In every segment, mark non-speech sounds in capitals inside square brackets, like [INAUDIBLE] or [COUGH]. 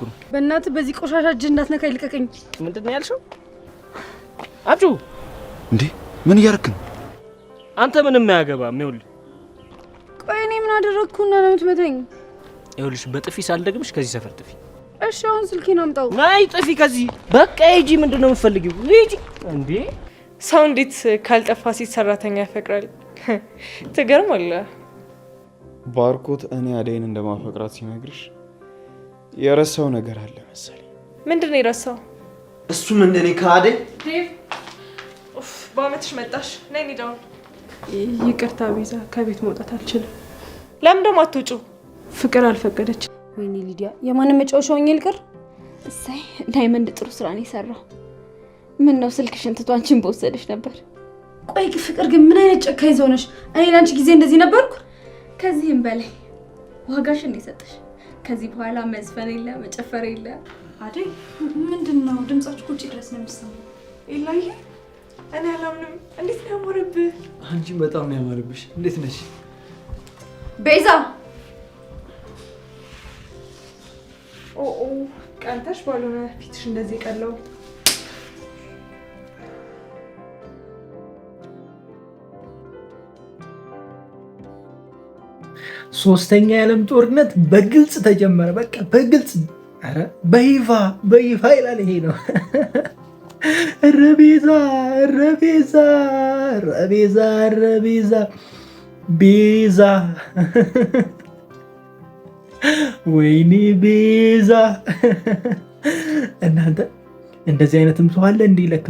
እያደረግኩ ነው። በእናትህ በዚህ ቆሻሻ እጅ እንዳትነካ ይልቀቀኝ። ምንድን ነው ያልሽው? አጩ እንዴ ምን እያደረክ ነው አንተ? ምንም አያገባም። ይኸውልህ ቆይ እኔ ምን አደረግኩና ነው የምትመታኝ? ይኸውልሽ በጥፊ ሳልደግምሽ ከዚህ ሰፈር ጥፊ። እሺ አሁን ስልኬን አምጣው። ናይ ጥፊ ከዚህ በቃ ሂጂ። ምንድን ነው የምትፈልጊው? ሂጂ እንዴ ሰው እንዴት ካልጠፋ ሴት ሰራተኛ ያፈቅራል? ትገርማለህ። ባርኮት እኔ አደይን እንደማፈቅራት ሲነግርሽ የረሳው ነገር አለ መሰለኝ። ምንድን ነው የረሳው? እሱም እንደኔ ከአዴ ዴቭ። በአመትሽ መጣሽ። ነይ እንሂዳውን። ይቅርታ ቤዛ፣ ከቤት መውጣት አልችልም። ለምን ደግሞ አትውጩ? ፍቅር አልፈቀደች። ወይኔ ሊዲያ፣ የማንም መጫወቻ ሆኜ ልቅር? እሰይ ዳይመንድ ጥሩ ስራ ነው የሰራው። ምን ነው ስልክሽን ትቶ አንቺን በወሰደች ነበር። ቆይ ፍቅር ግን ምን አይነት ጨካኝ ሰው ነሽ? እኔ ለአንቺ ጊዜ እንደዚህ ነበርኩ? ከዚህም በላይ ዋጋሽ እንደሰጠሽ ከዚህ በኋላ መዝፈን የለ መጨፈር የለ። አደይ ምንድን ነው ድምጻችሁ? ድረስ ነው የሚሰማው። ኤላዬ እኔ አላምንም። እንዴት ነው ያማረብህ! አንቺም በጣም ነው ያማረብሽ። እንዴት ነሽ ቤዛ? ቀንተሽ ባልሆነ ፊትሽ እንደዚህ ቀለው ሶስተኛ የዓለም ጦርነት በግልጽ ተጀመረ። በቃ በግልጽ ኧረ በይፋ በይፋ ይላል። ይሄ ነው ረቤዛ ረቤዛ ረቤዛ ረቤዛ ቤዛ [LAUGHS] ወይኔ ቤዛ። [LAUGHS] እናንተ እንደዚህ አይነትም ሰው አለ እንዲህ ለካ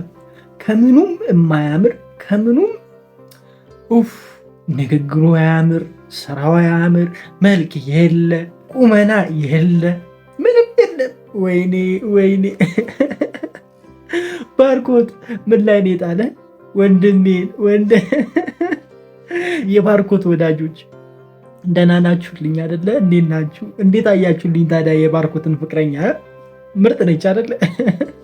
ከምኑም የማያምር ከምኑም ኡፍ ንግግሩ አያምር ስራው ያምር፣ መልክ የለ፣ ቁመና የለ፣ ምንም የለም። ወይኔ ወይኔ! [LAUGHS] ባርኮት ምን ላይ ነው የጣለ? ወንድሜን ወንድ [LAUGHS] የባርኮት ወዳጆች ደህና ናችሁልኝ አደለ? እንዴት ናችሁ? እንዴት አያችሁልኝ ታዲያ የባርኮትን ፍቅረኛ ምርጥ ነች አደለ? [LAUGHS]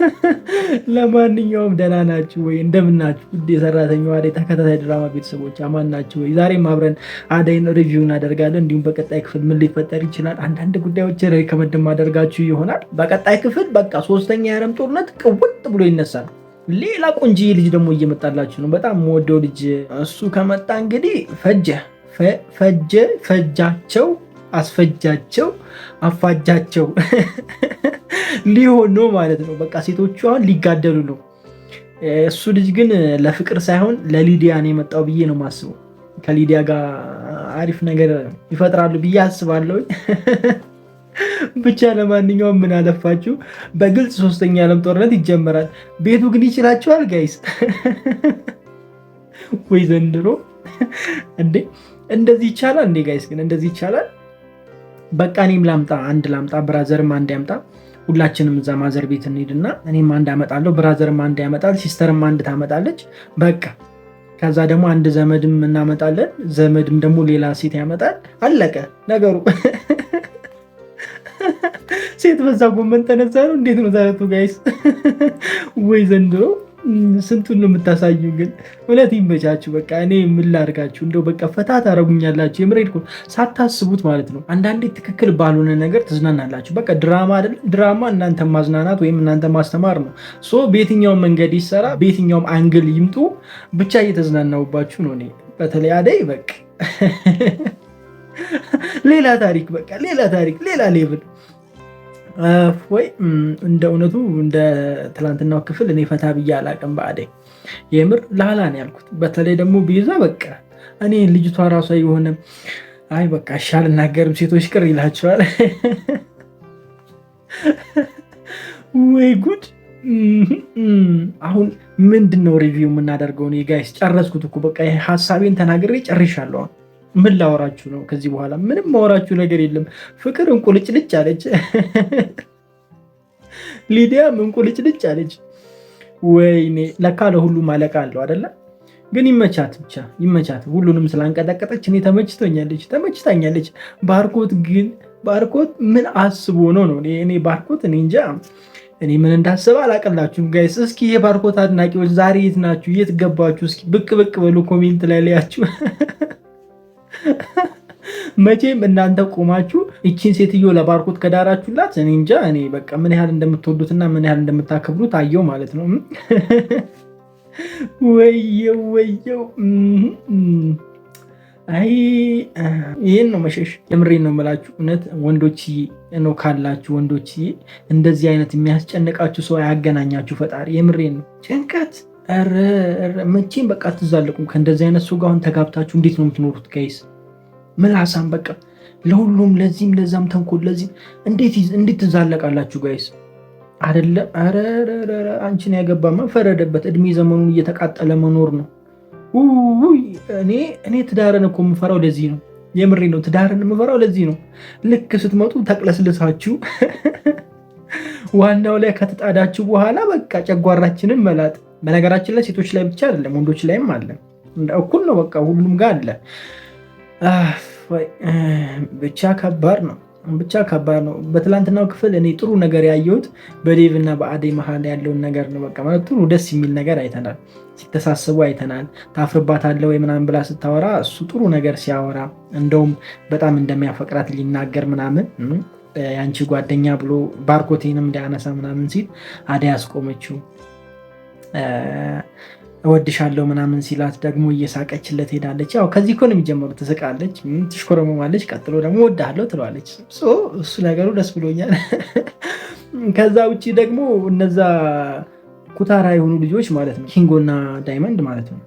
[LAUGHS] ለማንኛውም ደህና ናችሁ ወይ? እንደምናችሁ ውድ የሰራተኛ አደይ ተከታታይ ድራማ ቤተሰቦች አማን ናችሁ ወይ? ዛሬም አብረን አደይን ሪቪው እናደርጋለን። እንዲሁም በቀጣይ ክፍል ምን ሊፈጠር ይችላል አንዳንድ ጉዳዮች ሪከመንድ ማደርጋችሁ ይሆናል። በቀጣይ ክፍል በቃ ሶስተኛ የዓለም ጦርነት ቅውጥ ብሎ ይነሳል። ሌላ ቆንጂ ልጅ ደግሞ እየመጣላችሁ ነው። በጣም የምወደው ልጅ እሱ ከመጣ እንግዲህ ፈጀ ፈጀ ፈጃቸው አስፈጃቸው አፋጃቸው ሊሆን ነው ማለት ነው። በቃ ሴቶቹ አሁን ሊጋደሉ ነው። እሱ ልጅ ግን ለፍቅር ሳይሆን ለሊዲያ ነው የመጣው ብዬ ነው ማስበው። ከሊዲያ ጋር አሪፍ ነገር ይፈጥራሉ ብዬ አስባለሁ። ብቻ ለማንኛውም ምን አለፋችሁ በግልጽ ሶስተኛ ዓለም ጦርነት ይጀመራል። ቤቱ ግን ይችላቸዋል ጋይስ። ወይ ዘንድሮ እንዴ! እንደዚህ ይቻላል እንዴ ጋይስ! ግን እንደዚህ ይቻላል። በቃ እኔም ላምጣ አንድ ላምጣ፣ ብራዘርም አንድ ያምጣ፣ ሁላችንም እዛ ማዘር ቤት እንሄድና እኔም አንድ አመጣለሁ፣ ብራዘርም አንድ ያመጣል፣ ሲስተርም አንድ ታመጣለች። በቃ ከዛ ደግሞ አንድ ዘመድም እናመጣለን፣ ዘመድም ደግሞ ሌላ ሴት ያመጣል። አለቀ ነገሩ። [LAUGHS] ሴት በዛ ጎመን ተነሳ ነው። እንዴት ነው ዛሬቱ ጋይስ? [LAUGHS] ወይ ዘንድሮ ስንቱን ነው የምታሳዩ ግን እውነት ይመቻችሁ። በቃ እኔ ምን ላድርጋችሁ እንደው በቃ ፈታ ታደርጉኛላችሁ። የምሬድ ሳታስቡት ማለት ነው። አንዳንዴ ትክክል ባልሆነ ነገር ትዝናናላችሁ። በቃ ድራማ አይደለም ድራማ እናንተ ማዝናናት ወይም እናንተ ማስተማር ነው። ሶ በየትኛውም መንገድ ይሰራ፣ በየትኛውም አንግል ይምጡ፣ ብቻ እየተዝናናውባችሁ ነው። እኔ በተለይ አደይ በቃ [LAUGHS] ሌላ ታሪክ በቃ ሌላ ታሪክ ሌላ ሌብል ወይ እንደ እውነቱ እንደ ትላንትናው ክፍል እኔ ፈታ ብዬ አላቅም። በአደይ የምር ላላን ያልኩት በተለይ ደግሞ ቢይዛ በቃ እኔ ልጅቷ ራሷ የሆነ አይ በቃ እሺ አልናገርም፣ ሴቶች ቅር ይላቸዋል። [LAUGHS] ወይ ጉድ! አሁን ምንድን ነው ሪቪው የምናደርገው? ጋይስ ጨረስኩት እኮ በቃ ሀሳቤን ተናግሬ ጨርሻለሁ። ምን ላወራችሁ ነው? ከዚህ በኋላ ምንም ማወራችሁ ነገር የለም። ፍቅር እንቁልጭልጭ አለች፣ [LAUGHS] ሊዲያም እንቁልጭልጭ አለች። ወይኔ ለካ ለሁሉም አለቃ አለው አደለ? ግን ይመቻት ብቻ ይመቻት። ሁሉንም ስላንቀጠቀጠች እኔ ተመችቶኛለች፣ ተመችታኛለች። ባርኮት ግን ባርኮት ምን አስቦ ነው ነው? እኔ ባርኮት እኔ እንጃ እኔ ምን እንዳስበ አላቀላችሁም ጋይስ። እስኪ የባርኮት አድናቂዎች ዛሬ የት ናችሁ? የት ገባችሁ? እስኪ ብቅ ብቅ በሉ ኮሜንት ላይ ላያችሁ [LAUGHS] መቼም እናንተ ቆማችሁ ይቺን ሴትዮ ለባርኮት ከዳራችሁላት እኔ እንጃ እኔ በቃ ምን ያህል እንደምትወዱትና ምን ያህል እንደምታከብሩት አየው ማለት ነው። ወየው ወየው አይ ይህን ነው መሸሽ። የምሬን ነው የምላችሁ። እውነት ወንዶች ነው ካላችሁ ወንዶች እንደዚህ አይነት የሚያስጨንቃችሁ ሰው ያገናኛችሁ ፈጣሪ። የምሬን ነው ጭንቀት መቼም በቃ አትዛለቁም። ከእንደዚህ አይነት ሰው ጋር አሁን ተጋብታችሁ እንዴት ነው የምትኖሩት ጋይስ? ምላሳም በቃ ለሁሉም ለዚህም ለዛም ተንኮል ለዚህ እንዴት ትዛለቃላችሁ ጋይስ? አይደለም አረረረ አንቺን ያገባማ ፈረደበት። እድሜ ዘመኑን እየተቃጠለ መኖር ነው። እኔ እኔ ትዳርን እኮ የምፈራው ለዚህ ነው። የምሬ ነው። ትዳርን የምፈራው ለዚህ ነው። ልክ ስትመጡ ተቅለስልሳችሁ [LAUGHS] ዋናው ላይ ከተጣዳችሁ በኋላ በቃ ጨጓራችንን መላጥ። በነገራችን ላይ ሴቶች ላይ ብቻ አይደለም ወንዶች ላይም አለ። እኩል ነው። በቃ ሁሉም ጋር አለ። ብቻ ከባድ ነው። ብቻ ከባድ ነው። በትላንትናው ክፍል እኔ ጥሩ ነገር ያየሁት በዴቭ እና በአዴ መሀል ያለውን ነገር ነው። በቃ ማለት ጥሩ ደስ የሚል ነገር አይተናል። ሲተሳሰቡ አይተናል። ታፍርባታለህ ወይ ምናምን ብላ ስታወራ እሱ ጥሩ ነገር ሲያወራ እንደውም በጣም እንደሚያፈቅራት ሊናገር ምናምን የአንቺ ጓደኛ ብሎ ባርኮቴንም እንዳያነሳ ምናምን ሲል አደይ ያስቆመችው እወድሻለሁ ምናምን ሲላት ደግሞ እየሳቀችለት ሄዳለች። ያው ከዚህ እኮ ነው የሚጀምሩ። ትስቃለች፣ ትሽኮረመማለች፣ ቀጥሎ ደግሞ እወድሃለሁ ትለዋለች። እሱ ነገሩ ደስ ብሎኛል። [LAUGHS] ከዛ ውጭ ደግሞ እነዛ ኩታራ የሆኑ ልጆች ማለት ነው ኪንጎና ዳይመንድ ማለት ነው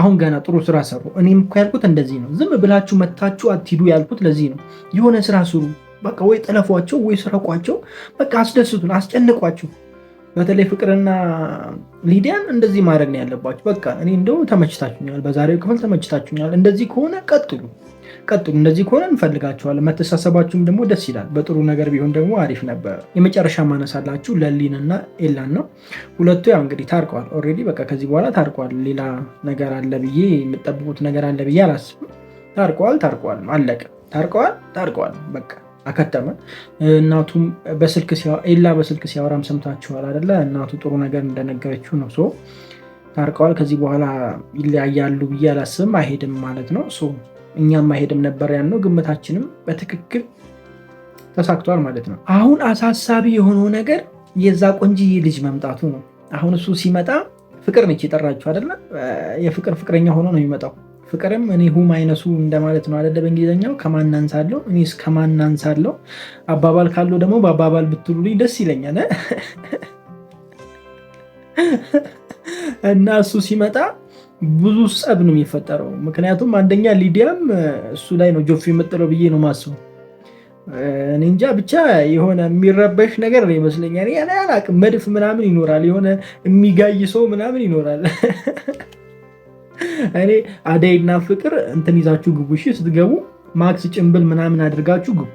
አሁን ገና ጥሩ ስራ ሰሩ። እኔም እኮ ያልኩት እንደዚህ ነው። ዝም ብላችሁ መታችሁ አትሂዱ ያልኩት ለዚህ ነው። የሆነ ስራ ስሩ በቃ ወይ ጠለፏቸው ወይ ስረቋቸው። በቃ አስደስቱን፣ አስጨንቋቸው። በተለይ ፍቅርና ሊዲያን እንደዚህ ማድረግ ነው ያለባችሁ። በቃ እኔ እንደው ተመችታችሁኛል፣ በዛሬው ክፍል ተመችታችሁኛል። እንደዚህ ከሆነ ቀጥሉ ቀጥሉ፣ እንደዚህ ከሆነ እንፈልጋችኋለን። መተሳሰባችሁም ደግሞ ደስ ይላል። በጥሩ ነገር ቢሆን ደግሞ አሪፍ ነበር። የመጨረሻ ማነሳላችሁ ለሊንና ኤላን ነው። ሁለቱ ያው እንግዲህ ታርቀዋል ኦልሬዲ፣ በቃ ከዚህ በኋላ ታርቀዋል። ሌላ ነገር አለ ብዬ የምጠብቁት ነገር አለ ብዬ አላስብም። ታርቀዋል ታርቀዋል፣ አለቀ። ታርቀዋል ታርቀዋል፣ በቃ አከተመ። እናቱም በስልክ ኤላ በስልክ ሲያወራም ሰምታችኋል አደለ? እናቱ ጥሩ ነገር እንደነገረችው ነው። ታርቀዋል። ከዚህ በኋላ ይለያያሉ ብዬ አላስብም። አይሄድም ማለት ነው። እኛም አይሄድም ነበር ያነው። ግምታችንም በትክክል ተሳክቷል ማለት ነው። አሁን አሳሳቢ የሆነው ነገር የዛ ቆንጅዬ ልጅ መምጣቱ ነው። አሁን እሱ ሲመጣ ፍቅር ነች የጠራችሁ አደለ? የፍቅር ፍቅረኛ ሆኖ ነው የሚመጣው ፍቅርም እኔ ሁም አይነሱ እንደማለት ነው አደለ? በእንግሊዝኛው ከማን አንሳለሁ፣ እኔስ ከማን አንሳለሁ። አባባል ካለው ደግሞ በአባባል ብትሉልኝ ደስ ይለኛል። [LAUGHS] እና እሱ ሲመጣ ብዙ ጸብ ነው የሚፈጠረው። ምክንያቱም አንደኛ ሊዲያም እሱ ላይ ነው ጆፍ የምጥለው ብዬ ነው ማስበው። እኔ እንጃ ብቻ የሆነ የሚረበሽ ነገር ይመስለኛል። አላቅም መድፍ ምናምን ይኖራል፣ የሆነ የሚጋይ ሰው ምናምን ይኖራል። [LAUGHS] እኔ አደይና ፍቅር እንትን ይዛችሁ ግቡ። እሺ ስትገቡ ማክስ ጭንብል ምናምን አድርጋችሁ ግቡ።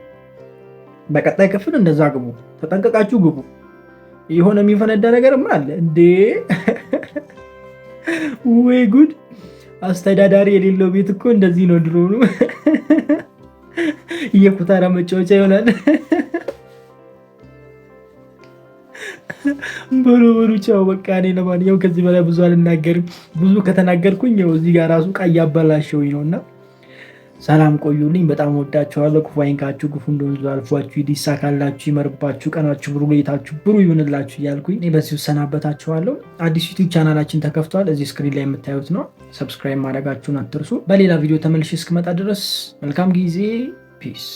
በቀጣይ ክፍል እንደዛ ግቡ፣ ተጠንቀቃችሁ ግቡ። የሆነ የሚፈነዳ ምን አለ እንዴ! ወይ [LAUGHS] ጉድ! አስተዳዳሪ የሌለው ቤት እኮ እንደዚህ ነው። ድሮኑ [LAUGHS] የኩታራ መጫወቻ ይሆናል። [LAUGHS] በሎ በሉ ቻው። በቃ እኔ ለማንኛውም ከዚህ በላይ ብዙ አልናገርም። ብዙ ከተናገርኩኝ ያው እዚህ ጋር ራሱ ቃ እያበላሸው ነው እና ሰላም ቆዩልኝ። በጣም ወዳችኋለሁ። ክፉ አይንካችሁ፣ ክፉ እንደወንዙ አልፏችሁ፣ ይዲሳካላችሁ፣ ይመርባችሁ፣ ቀናችሁ ብሩ፣ ሌታችሁ ብሩ ይሆንላችሁ እያልኩኝ እኔ በዚህ እሰናበታችኋለሁ። አዲስ ዩቲዩብ ቻናላችን ተከፍቷል። እዚህ ስክሪን ላይ የምታዩት ነው። ሰብስክራይብ ማድረጋችሁን አትርሱ። በሌላ ቪዲዮ ተመልሼ እስክመጣ ድረስ መልካም ጊዜ። ፒስ